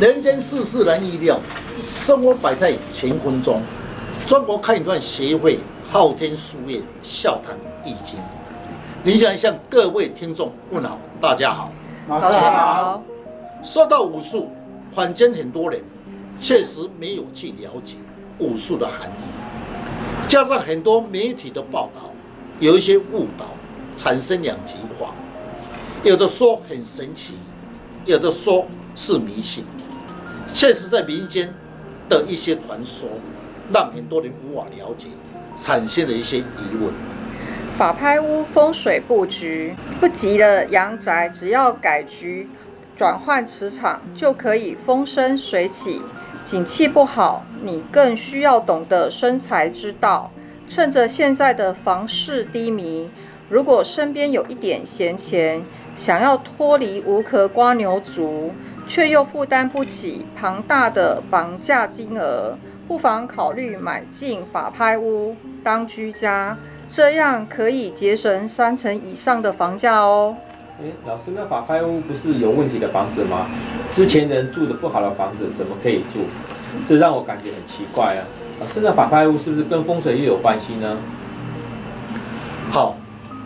人間世事難預料，生活擺在乾坤中。中國堪輿段協會昊天書院笑談易經，你想向各位聽眾問好。大家好，老師好。說到武術，坊間很多人確實沒有去了解武術的含義，加上很多媒體的報道，有一些誤導，產生兩極化。有的說很神奇，有的說是迷信。確實，在民間的一些傳說，讓很多人無法了解，產生了一些疑問。法拍屋風水布局，不吉的陽宅，只要改局、轉換磁場，就可以風生水起。景氣不好，你更需要懂得生財之道。趁着現在的房市低迷，如果身邊有一點閒錢，想要脫離無殼蝸牛族。卻又負擔不起龐大的房價金額，不妨考慮買進法拍屋當居家，這樣可以節省三成以上的房價哦。欸，老師，那法拍屋不是有問題的房子嗎？之前人住的不好的房子怎麼可以住？這讓我感覺很奇怪啊！老師，那法拍屋是不是跟風水又有關係呢？好，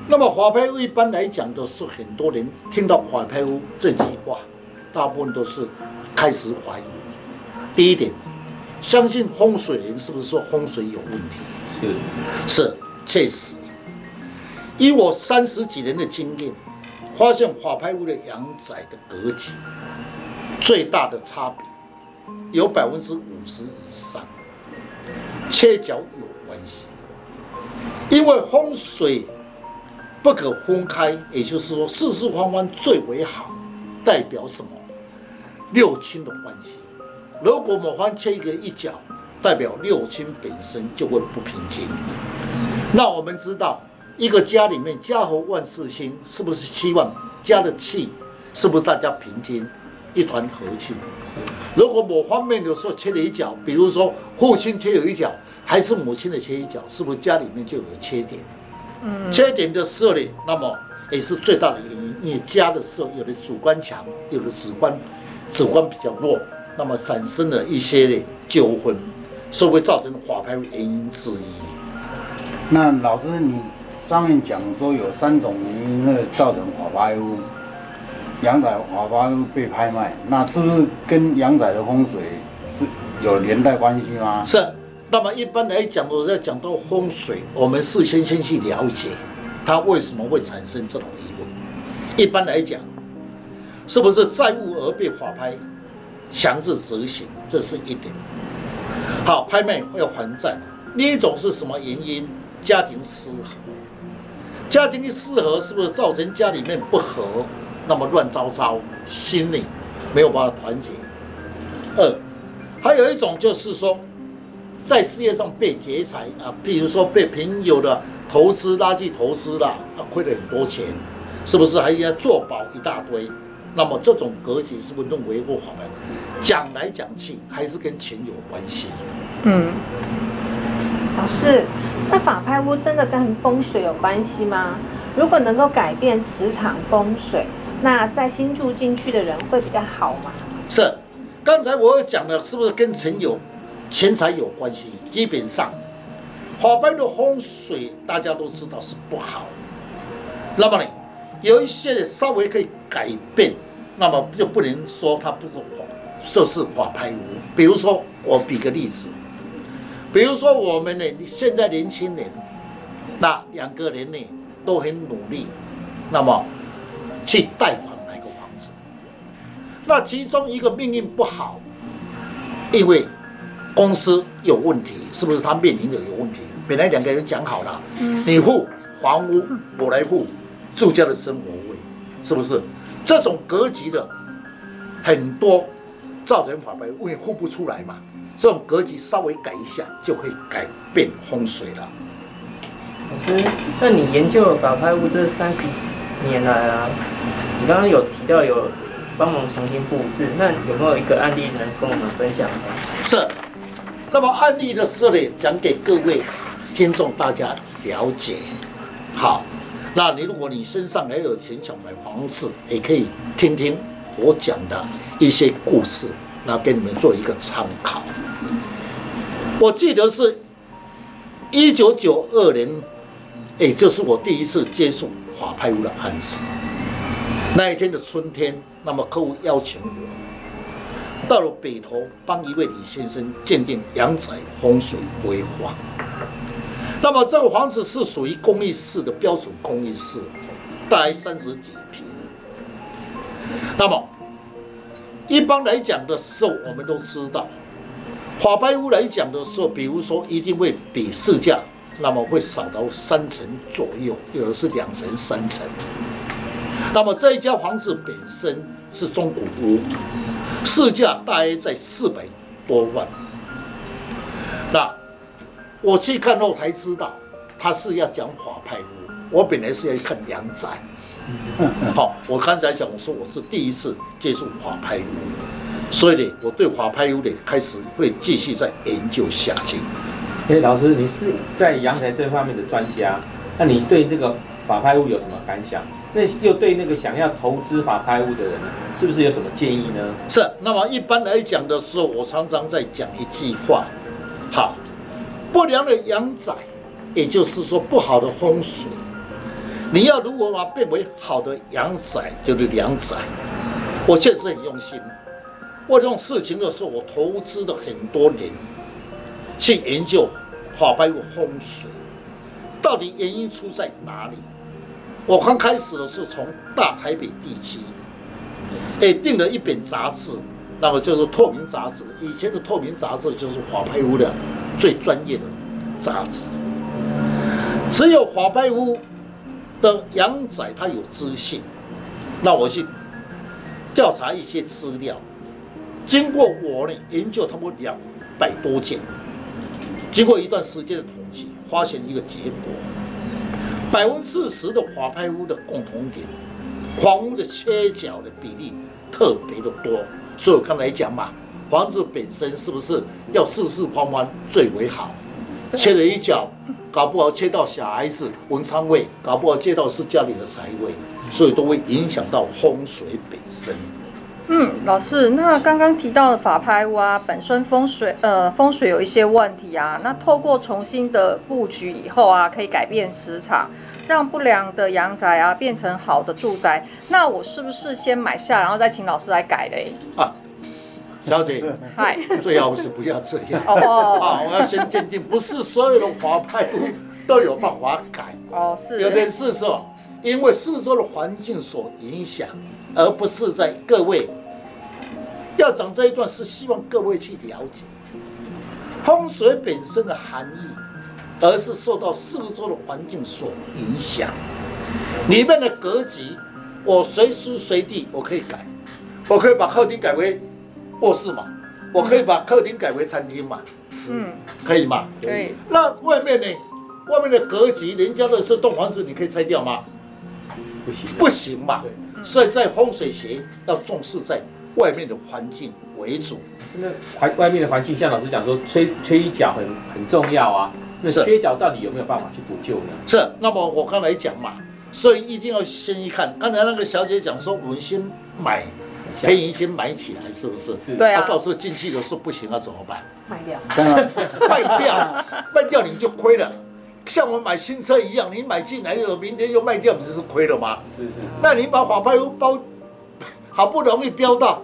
那麼法拍屋一般來講都是很多人聽到法拍屋這句話。大部分都是開始懷疑。第一點，相信風水人是不是說風水有問題？是，是確實。以我三十幾年的經驗，發現法拍屋的陽宅的格局最大的差別有百分之五十以上，切角有關係。因為風水不可分開，也就是說，四四方方最為好，代表什麼？六親的關係，如果某方缺一個一角，代表六親本身就會不平靜。那我們知道，一個家裡面家和萬事興，是不是希望家的氣是不是大家平均，一團和氣？如果某方面有時候切的說缺了一角，比如說父親缺有一角，還是母親的缺一角，是不是家裡面就有缺點？嗯，缺點的時候呢，那麼也是最大的原因。因為家的時候，有的主觀強，有的主觀。主觀比較弱，那麼產生了一些的糾紛，所以會造成法拍原因之一。那老師，你上面講說有三種原因造成法拍屋陽仔法拍被拍賣，那是不是跟陽仔的風水是有連帶關係嗎？是啊。那麼一般來講，我們要講到風水，我們事先先去了解它為什麼會產生這種疑問。一般來講。是不是債務而被法拍、強制執行，這是一點。好，拍賣要還債。另一種是什麼原因？家庭失和，家庭的失和是不是造成家裡面不和，那麼亂糟糟，心裡沒有辦法團結？二，還有一種就是說，在事業上被劫財啊，譬如說被朋友的投資、垃圾投資了啊，虧、啊、了很多錢，是不是還要做保一大堆？那麼這種格局是不是認為不好呀？講來講去還是跟錢有關係。嗯，老師，那法拍屋真的跟風水有關係嗎？如果能夠改變磁場風水，那在新住進去的人會比較好嗎？是，剛才我講的是不是跟錢有錢財有關係？基本上，法拍的風水大家都知道是不好。那麼呢，有一些稍微可以改變。那麼就不能說他不是法，這是法拍屋。比如說，我比個例子，比如說我們呢，現在年輕人，那兩個人呢都很努力，那麼去貸款買個房子。那其中一個命運不好，因為公司有問題，是不是他面臨的有問題？本來兩個人講好了，你付房屋，我來付住家的生活費，是不是？這種格局的很多造成法拍屋呼護不出來嘛。這種格局稍微改一下，就會改變風水了。老師，那你研究法拍屋這三十年來啊，你剛剛有提到有幫忙重新布置，那有沒有一個案例能跟我們分享？是。那麼案例的設立，講給各位聽眾大家了解。好。那你如果你身上還有錢想買房子，也可以聽聽我講的一些故事，那給你們做一個參考。我記得是，一九九二年，哎、欸，這是我第一次接觸法拍屋的案子。那一天的春天，那麼客戶邀請我到了北投，幫一位李先生鑒定陽宅風水規劃。那麼這個房子是屬於公寓式的標準公寓式，大概三十幾平。那麼一般來講的時候，我們都知道，法拍屋來講的時候，比如說一定會比市價，那麼會少到三成左右，有的是兩成、三成。那麼這一家房子本身是中古屋，市價大約在四百多萬。那。我去看後才知道，他是要講法拍屋。我本來是要去看陽宅。 好，我剛才講，我說我是第一次接觸法拍屋，所以呢，我對法拍屋呢，開始會繼續再研究下去。哎，老師，你是在陽宅這方面的專家，那你對這個法拍屋有什麼感想？那又對那個想要投資法拍屋的人，是不是有什麼建議呢？是。那麼一般來講的時候，我常常在講一句話，好。不良的陽宅，也就是說不好的風水，你要如果把變為好的陽宅？就是良宅。我確實很用心，為這種事情的時候，我投資了很多年去研究法拍屋風水，到底原因出在哪裡？我剛開始的時候，從大台北地區，哎，訂了一本雜誌，那麼就是《透明雜誌》，以前的《透明雜誌》就是法拍屋的，最專業的雜誌，只有法拍屋的陽宅他有自信，那我去調查一些資料，經過我的研究，差不多兩百多件，經過一段時間的統計，發現一個結果：百分之四十的法拍屋的共同點，房屋的切角的比例特別的多。所以我剛才講嘛。房子本身是不是要四四方方最為好？切了一角，搞不好切到小孩子文昌位，搞不好切到是家裡的財位，所以都會影響到風水本身。嗯，老師，那剛剛提到的法拍屋啊，本身風水呃風水有一些問題啊，那透過重新的布局以後啊，可以改變磁場，讓不良的陽宅啊變成好的住宅。那我是不是先買下，然後再請老師來改嘞？啊。小姐，Hi 最好我是不要這樣。哦，好，我要先鑑定，不是所有的法拍屋都有辦法改。哦，oh, 是，有點是吧？因為四周的環境所影響，而不是在各位。要講這一段是希望各位去了解風水本身的含義，而是受到四周的環境所影響裡面的格局。我隨時隨地我可以改，我可以把客廳改為臥室嘛，嗯、我可以把客廳改為餐廳嘛，嗯，嗯、可以嗎？可以。對。那外面呢？外面的格局，人家的這棟房子，你可以拆掉嗎？不行，不行嘛。對、嗯。所以，在風水學要重視在外面的環境為主。環、嗯、外面的環境，像老師講說，缺缺角很很重要啊。那缺角到底有沒有辦法去補救呢？是，是。那麼我剛才講嘛，所以一定要先一看。剛才那個小姐講說，我們先買。像便宜先買起來，是不是，是？是。對啊。到時候進去了是不行啊，怎麼辦？賣掉。 賣掉，賣掉你就虧了。像我買新車一樣，你買進來的，明天又賣掉，不就是虧了嗎？是是。那你把法拍屋包，好不容易標到，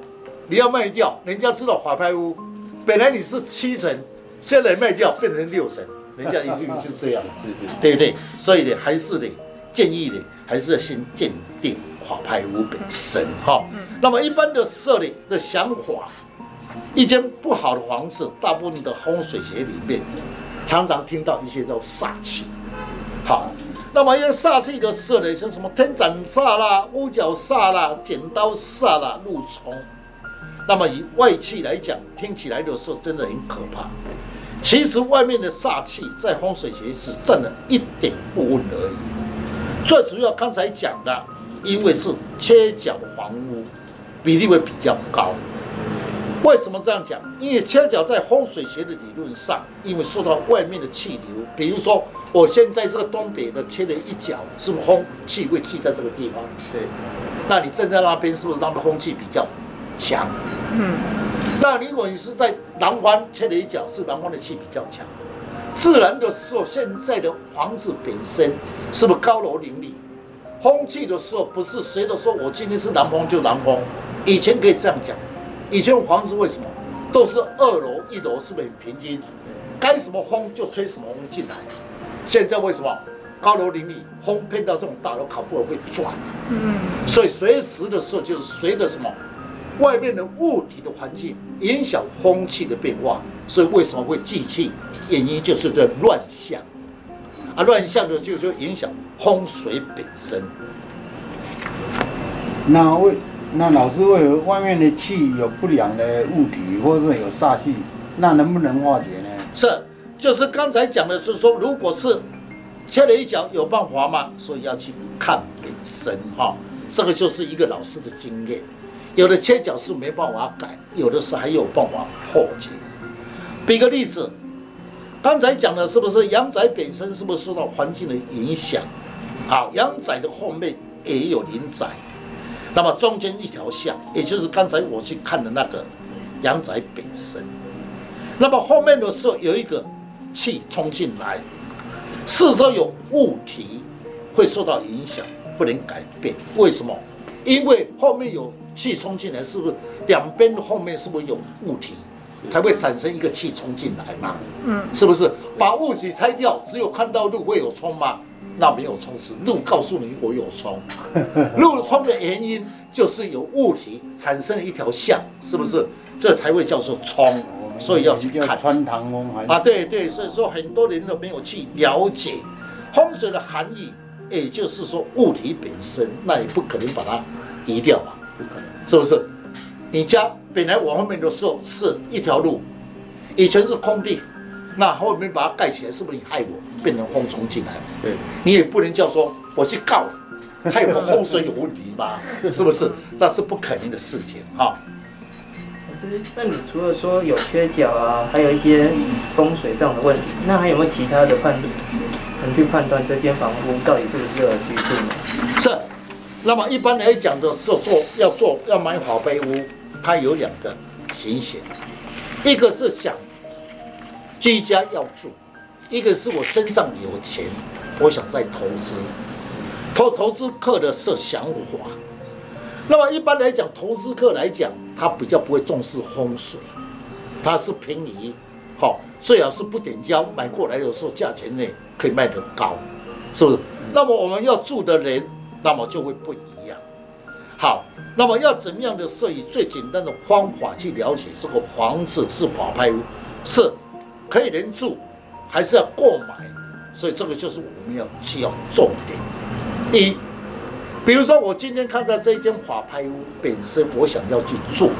你要賣掉，人家知道法拍屋本來你是七成，現在賣掉變成六成，人家已就就這樣是是，是是對不對。所以呢，還是得建議的，還是要先鑑定。法派屋本身，哈、哦，那麼一般的設立的想法，一間不好的房子，大部分的風水學裡面，常常聽到一些叫煞氣，好、哦，那麼一為煞氣的設立，像什麼天斬煞啦、屋角煞啦、剪刀煞啦、路沖，那麼以外氣來講，聽起來的時候真的很可怕。其實外面的煞氣在風水學只佔了一點部分而已，最主要剛才講的。因為是切角的房屋，比例會比較高。為什麼這樣講？因為切角在風水學的理論上，因為受到外面的氣流。比如說，我現在這個東北的切了一角，是不是風氣會聚在這個地方？對。那你站在那邊，是不是那邊空氣比較強？嗯。那你如果你是在南方，切了一角，是南方的氣比較強。自然的說，現在的房子本身是不是高樓林立？風氣的時候不是誰的說，我今天是南風就南風，以前可以這樣講，以前房子為什麼都是二樓一樓是不是很平均？該什麼風就吹什麼風進來，現在為什麼高樓林立，風碰到這種大樓，考不會轉，所以隨時的時候就是隨着什麼外面的物體的環境影響風氣的變化，所以為什麼會忌氣，原因就是在亂象。啊，亂下去就是說，影響風水本身。那為那老師，為何外面的氣有不良的物體，或者是有煞氣，那能不能化解呢？是，就是剛才講的是說，如果是切了一角，有辦法嗎？所以要去看本身哈、哦，這個就是一個老師的經驗。有的切角是沒辦法改，有的是還有辦法破解。比個例子。剛才講的是不是陽宅本身是不是受到環境的影響？好，陽宅的後面也有鄰宅，那麼中間一條巷，也就是剛才我去看的那個陽宅本身。那麼後面的時候有一個氣衝進來，四周有物體會受到影響，不能改變。為什麼？因為後面有氣衝進來，是不是兩邊的後面是不是有物體？才會產生一個氣沖進來嘛？嗯，是不是對 把物體拆掉，只有看到路會有沖嗎？那沒有沖，是路告訴你我有沖。路沖 的原因就是有物體產生了一條線，是不是？嗯，這才會叫做沖。哦，所以要去看穿堂風啊！對對，所以說很多人都沒有去了解風水的含義，也就是說物體本身，那也不可能把它移掉吧？不可能，是不是？你家。本來我後面的時候是一條路，以前是空地，那後面把它蓋起來，是不是你害我變成風衝進來？對，你也不能叫說我去告，害我風水有問題吧？ 是不是？那是不可能的事情哈。那你除了說有缺角啊，還有一些風水上的問題，那還有沒有其他的判斷能去判斷這間房屋到底適不適合居住呢？是，那麼一般來講的時候做要做要買好被屋。他有兩個情形，一個是想居家要住，一個是我身上有錢，我想再投資。投投資客的是想法。那麼一般來講，投資客來講，他比較不會重視風水，他是便宜好、哦，最好是不點交，買過來的時候，價錢呢可以賣得高，是不是？那麼我們要住的人，那麼就會不一樣。好，那麼要怎麼樣的設計，最簡單的方法去了解這個房子是法拍屋，是可以人住，還是要購買？所以這個就是我們要需要重點。一，比如說我今天看到這間法拍屋本身，我想要去住，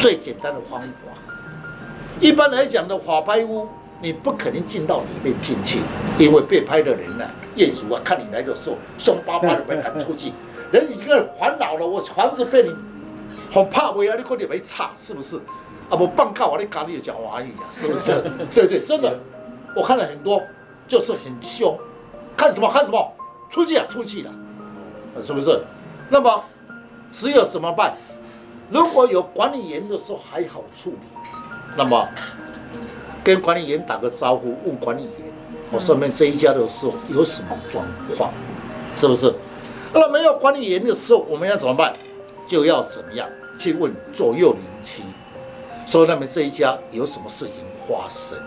最簡單的方法。一般來講的法拍屋，你不可能進到裡面進去，因為被拍的人呢、啊，業主啊，看你來的時候凶巴巴的，會趕出去。人已經很煩惱了，我房子被你很怕，我壓力過你沒差，是不是？啊，我放狗，我的家裡也叫阿姨，是不是？ 對對，真的，我看了很多，就是很凶，看什麼看什麼，出去啊出去的，啊，是不是？那麼只有怎麼辦？如果有管理員的時候還好處理，那麼跟管理員打個招呼，問管理員，我上面這一家的是有什麼狀況，是不是？那、啊、沒有管理員的時候，我們要怎麼辦？就要怎麼樣去問左右鄰居，說他們這一家有什麼事情發生，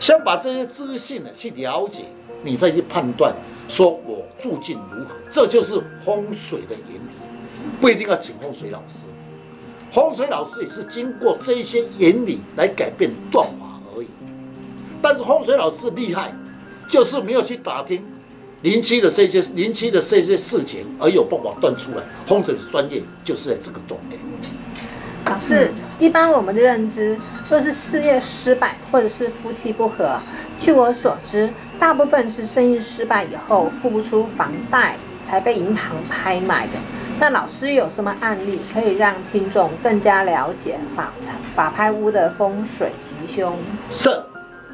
先把這些資訊呢去了解，你再去判斷，說我住進如何，這就是風水的原理，不一定要請風水老師，風水老師也是經過這一些原理來改變斷法而已，但是風水老師厲害，就是沒有去打聽。零期的這些的這些事情，而有辦法斷出來風水的專業就是在這個重點。老師，一般我們的認知，若是事業失敗或者是夫妻不和，據我所知，大部分是生意失敗以後付不出房貸，才被銀行拍賣的。那老師有什麼案例可以讓聽眾更加了解法法拍屋的風水吉凶？是，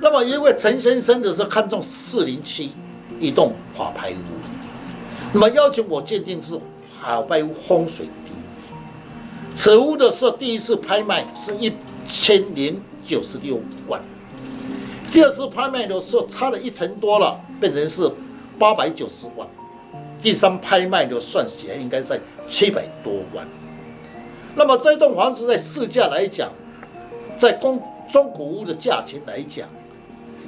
那麼因為陳先生的時候看中四零七。一棟法拍屋，那麼要求我鑑定是法拍屋風水第一。此屋的是第一次拍賣是一千零九十六萬，第二次拍賣的時候差了一成多了，變成是八百九十萬，第三拍賣的算起來應該在七百多萬。那麼這棟房子在市價來講，在公中古屋的價錢來講，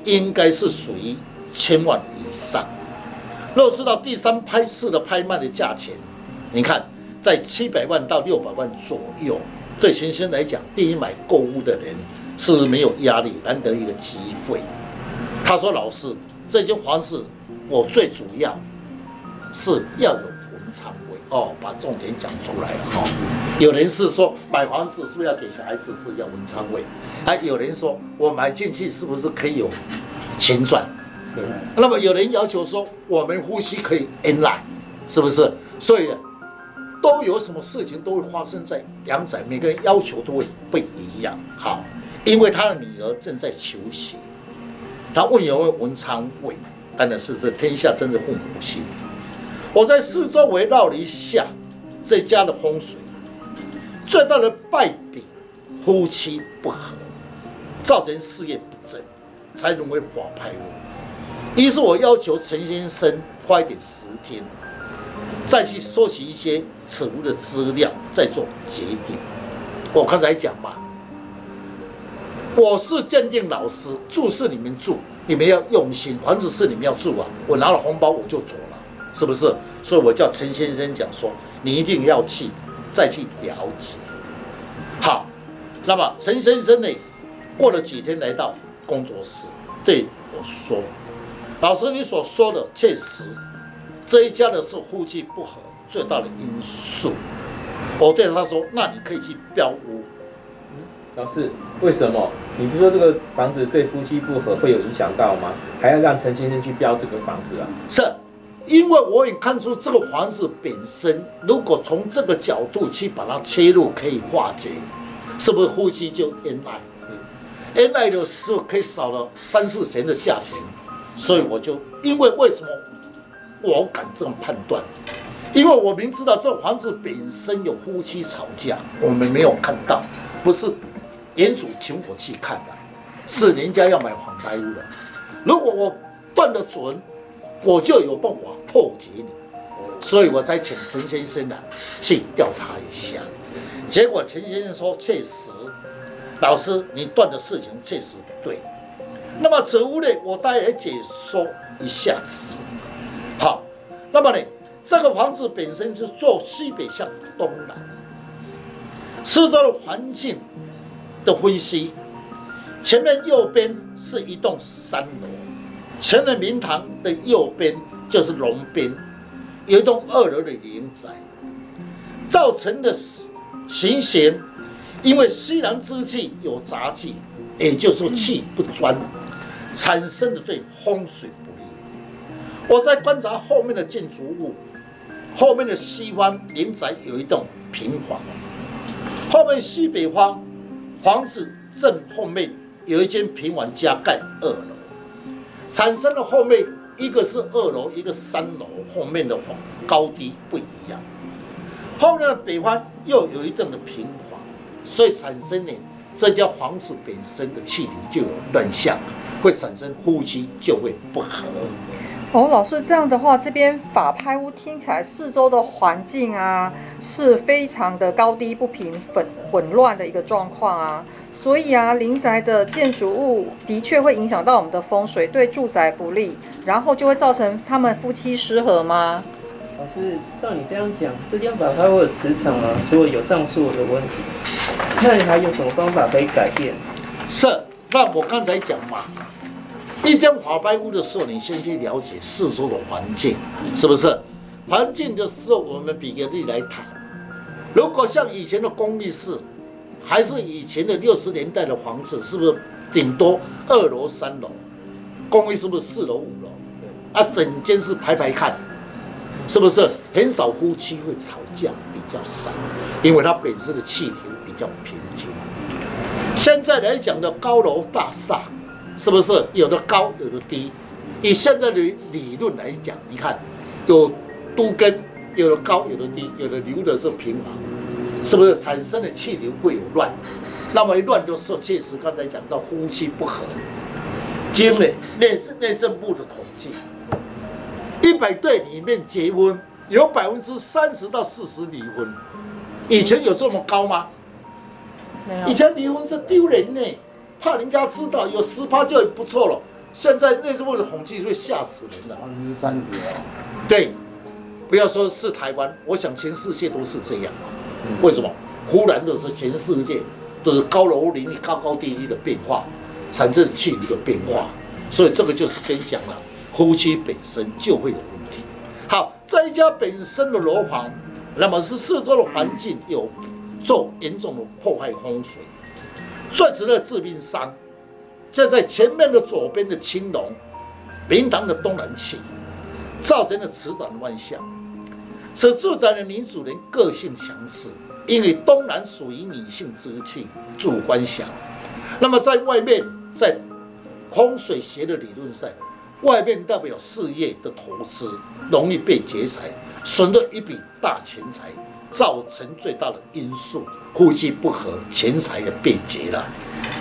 應該是屬於。千萬以上，落實到第三拍次的拍賣的價錢，你看在七百萬到六百萬左右，對先生來講，第一買購屋的人是沒有壓力，難得一個機會。他說：“老師，這間房子我最主要是要有文昌位哦，把重點講出來哈。哦”有人是說買房子是不是要給小孩子是要文昌位？還、啊、有人說我買進去是不是可以有錢賺？對，那麼有人要求說，我們呼吸可以 in line，是不是？所以都有什麼事情都會發生在陽宅，每個人要求都會不一樣。好，因為他的女兒正在求學，他問有沒有文昌位，但的是這天下真的父母心。我在四周圍繞了一下這家的風水，最大的敗筆，夫妻不和，造成事業不正，才淪為法拍屋。於是我要求陳先生花一點時間，再去收集一些此物的資料，再做決定。我剛才講嘛，我是鑑定老師，住是你們住，你們要用心，房子是你們要住啊。我拿了紅包我就走了，是不是？所以我叫陳先生講說，你一定要去，再去了解。好，那麼陳先生呢，過了幾天來到工作室對我說。老師，你所說的確實，這一家的是夫妻不和最大的因素。我對他說：“那你可以去標屋。”嗯，老師，為什麼？你不說這個房子，對夫妻不和會有影響到嗎？還要讓陳先生去標這個房子啊？是，因為我也看出這個房子本身，如果從這個角度去把它切入，可以化解，是不是夫妻就恩愛？恩愛的時候可以少了三四千的價錢。所以我就因為為什麼我敢這麼判斷？因為我明知道這房子本身有夫妻吵架，我們沒有看到，不是業主請我去看的、啊，是人家要買法拍屋的、啊。如果我斷得準，我就有辦法破解你。所以我才請陳先生啊去調查一下，結果陳先生說確實，老師你斷的事情確實不對。那麼此屋呢，我大概解說一下子。好，那麼呢，這個房子本身就坐西北向東南，四周的環境的分析。前面右邊是一棟三樓，前面明堂的右邊就是龍邊，有一棟二樓的連宅，造成的形形，因為西南之氣有雜氣，也就是說氣不專。嗯產生的對風水不利，我在觀察後面的建築物，後面的西方民宅有一棟平房，後面西北方房子正後面有一間平房加蓋二樓，產生的後面一個是二樓，一個三樓，後面的房高低不一樣。後面的北方又有一棟的平房，所以產生的這家房子本身的氣流就有亂象。會產生夫妻就會不合。哦，老師，這樣的話，這邊法拍屋聽起來四周的環境啊，是非常的高低不平、混混亂的一個狀況啊。所以啊，鄰宅的建築物的確會影響到我們的風水，對住宅不利，然後就會造成他們夫妻失和嗎？老師，照你這樣講，這間法拍屋的磁場啊，如果有上述的問題，那你還有什麼方法可以改變？是。那我剛才講嘛，一間法拍屋的時候，你先去了解四周的環境，是不是？環境的時候，我們比個例來談。如果像以前的公寓式，還是以前的六十年代的房子，是不是頂多二樓三樓？公寓是不是四樓五樓？對啊，整間是排排看，是不是？很少夫妻會吵架，比較少，因為它本身的氣體比較平靜。現在來講的高樓大廈，是不是有的高有的低？以現在的理論來講，你看，有都跟有的高有的低，有的留的是平房，是不是產生的氣流會有亂？那麼一亂就是確實剛才講到夫妻不和。今日內內政部的統計，一百對裡面結婚有百分之三十到四十離婚，以前有這麼高嗎？以前離婚是丟人呢，怕人家知道，有十趴就不錯了。現在那是為了統計，會嚇死人的。百分之三十對，不要說是台灣，我想全世界都是這樣、啊。為什麼？忽然就是全世界都是高樓林立，高高低低的變化，產生氣流的變化。所以這個就是跟你講了，夫妻本身就會有問題。好，在一家本身的樓盤，那麼是四周的環境有。做嚴重的破壞風水，鑽石的致命傷，就在前面的左邊的青龍，明堂的東南氣，造成了磁場的亂象，使住宅的女主人個性強勢，因為東南屬於女性之氣，主觀想，那麼在外面，在風水學的理論上，外面代表事業的投資容易被劫財，損了一筆大錢財。造成最大的因素，夫妻不和錢財的被劫了。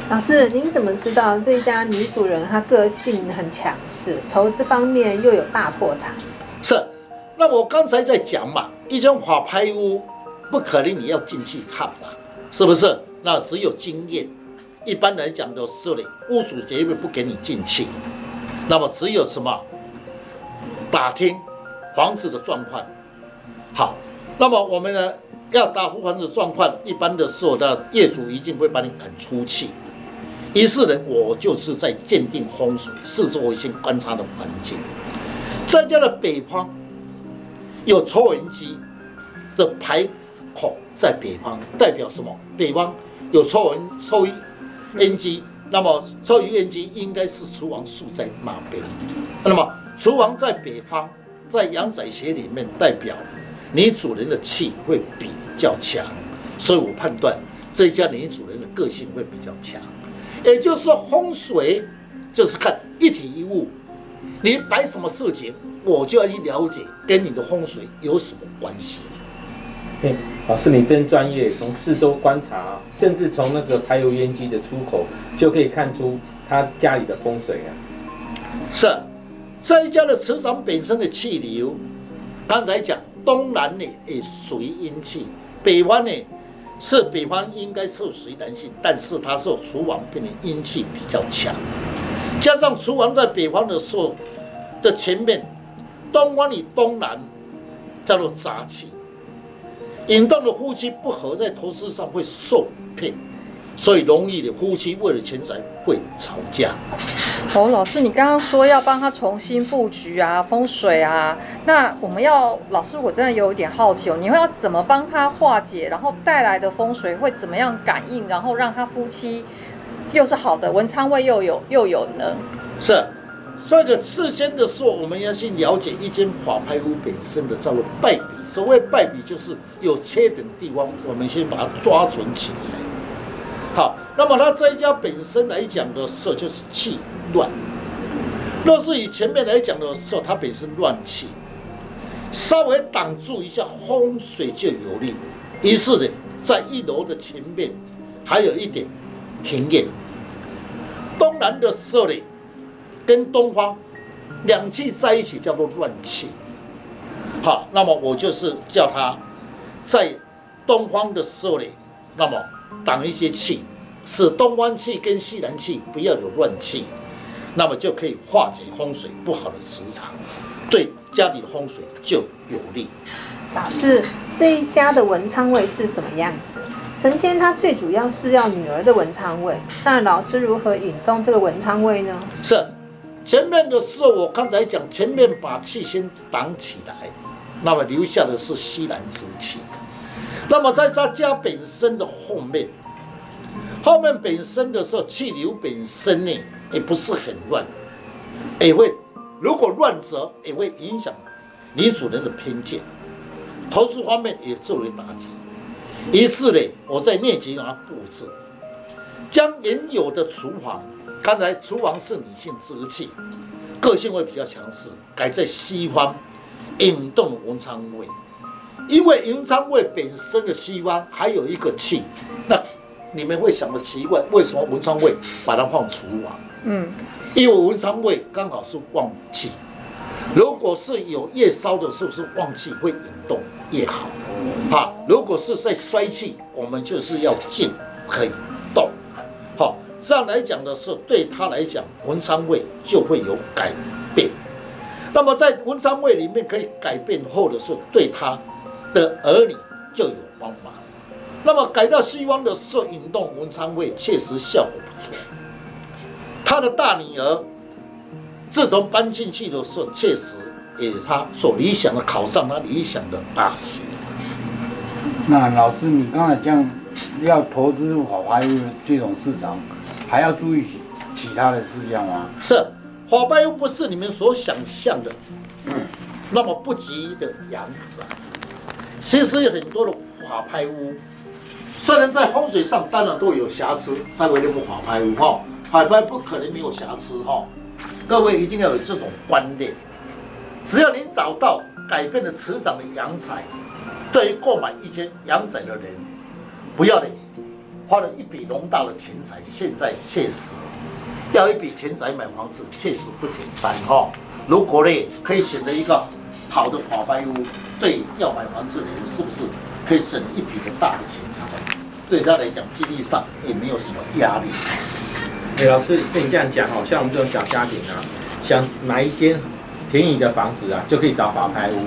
老師，您怎麼知道這一家女主人她個性很強勢，投資方面又有大破產？是，那我剛才在講嘛，一間法拍屋不可能你要進去看嘛，是不是？那只有經驗，一般來講都、就是的，屋主絕對不不給你進去。那麼只有什麼打聽房子的狀況，好。那麼我們呢要打呼盆的狀況，一般的時候的業主一定會把你趕出去。於是呢，我就是在鑑定風水，四周先觀察的環境。在家的北方有抽油煙機的排孔在北方，代表什麼？北方有抽煙抽油煙機，那麼抽油煙機應該是廚房豎在那邊？那麼廚房在北方，在陽宅學裡面代表。女主人的氣會比較強，所以我判斷這一家女主人的個性會比較強。也就是說，風水，就是看一體一物，你擺什麼事情，我就要去了解跟你的風水有什麼關係。嘿，老師，你真專業，從四周觀察，甚至從那個排油煙機的出口就可以看出他家裡的風水啊。是，這一家的磁場本身的氣流，剛才講。東南呢也屬於陰氣，北方呢，是北方應該是屬於男性，但是他受廚房變的陰氣比較強，加上廚房在北方的時候的前面，東方與東南叫做雜氣，引動的夫妻不合，在投資上會受騙。所以容易的夫妻為了錢財會吵架。好，老師，你剛剛說要幫他重新佈局啊，風水啊，那我們要，老師，我真的有一點好奇哦，你會要怎麼幫他化解，然後帶來的風水會怎麼樣感應，然後讓他夫妻又是好的文昌位又有又有能。是，所以個事先的時候，我們要先了解一間法拍屋本身的叫做敗筆，所謂敗筆就是有缺點的地方，我們先把它抓準起來。好，那麼他這一家本身來講的時候就是氣亂。若是以前面來講的時候，他本身亂氣，稍微擋住一下風水就有利。於是呢，在一樓的前面還有一點庭院。東南的時候呢，跟東方兩氣在一起叫做亂氣。好，那麼我就是叫他在東方的時候呢，那麼。擋一些氣，使東灣氣跟西南氣不要有亂氣，那麼就可以化解風水不好的磁場，對家裡的風水就有利。老師，這一家的文昌位是怎麼樣子？陳先生他最主要是要女兒的文昌位，那老師如何引動這個文昌位呢？是前面的，是我剛才講前面把氣先擋起來，那麼留下的是西南之氣。那麼在他家本身的後面，後面本身的時候，氣流本身呢，也不是很亂，也會，如果亂則也會影響女主人的偏見，投資方面也作為打擊。於是呢，我在面前讓它布置，將原有的廚房，剛才廚房是女性之氣，個性會比較強勢，改在西方，引動文昌位。因為文昌位本身的西方還有一個氣，那你們會想的奇怪，為什麼文昌位把它放廚房？啊？嗯，因為文昌位剛好是旺氣。如果是有夜燒的時候是旺氣會引動越好，啊，如果是在衰氣，我們就是要靜可以動，好，啊，這樣來講的是對他來講，文昌位就會有改變。那麼在文昌位裡面可以改變後的是對他。的兒女就有幫忙。那麼改到西方的攝影動文昌位，確實效果不錯。他的大女兒自從搬進去的時候，確實也他所理想的考上他理想的大學。那老師，你剛才講要投資法拍屋這種市場，還要注意其他的事項嗎？是，法拍屋又不是你們所想象的那麼不吉的陽宅。其實有很多的法拍屋，雖然在風水上當然都有瑕疵，再講這部法拍屋哈、哦，法拍不可能沒有瑕疵哈、哦。各位一定要有這種觀念，只要您找到改變了磁場的陽宅，對於購買一間陽宅的人，不要臉，花了一筆龐大的錢財，現在確實要一筆錢財買房子確實不簡單哈、哦。如果呢，可以選擇一個。好的法拍屋，對要買房子的人是不是可以省一筆很大的錢財？對他來講，經濟上也沒有什麼壓力。哎，老師，跟你這樣講哦，像我們這種小家庭啊，想買一間便宜的房子啊，就可以找法拍屋。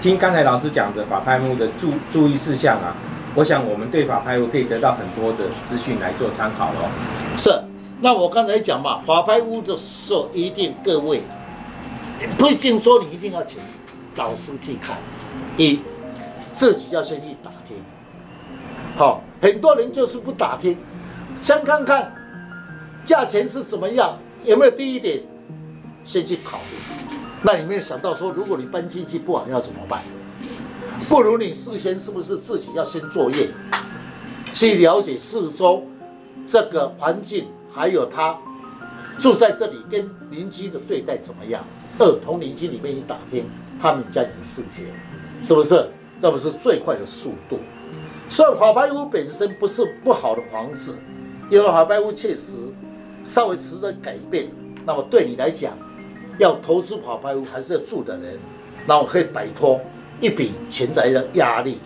聽剛才老師講的法拍屋的注注意事項啊，我想我們對法拍屋可以得到很多的資訊來做參考嘍。是，那我剛才講嘛，法拍屋的時候一定各位不一定說你一定要錢。老師去看，一自己要先去打聽，好，很多人就是不打聽，先看看價錢是怎麼樣，有沒有低一點，先去考慮。那你沒有想到說，如果你搬進去不好要怎麼辦？不如你事先是不是自己要先作業，去了解四周這個環境，還有他住在這裡跟鄰居的對待怎麼樣？二同鄰居裡面一打聽。他們將近世界，是不是？那不是最快的速度。所以，法拍屋本身不是不好的房子，因為法拍屋，確實稍微持着改變。那麼，對你來講，要投資法拍屋，還是要住的人，那我可以擺脫一筆錢財的壓力，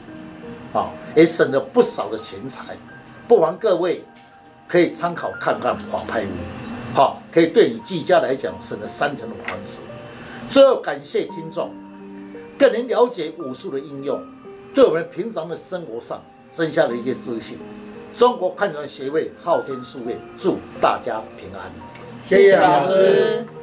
啊，也省了不少的錢財。不妨各位可以參考看看法拍屋，好，可以對你自家來講，省了三成的房子。最後，感謝聽眾，更能了解武術的應用，對我們平常的生活上增加了一些自信。中國漢人協會昊天書院，祝大家平安，謝謝老師。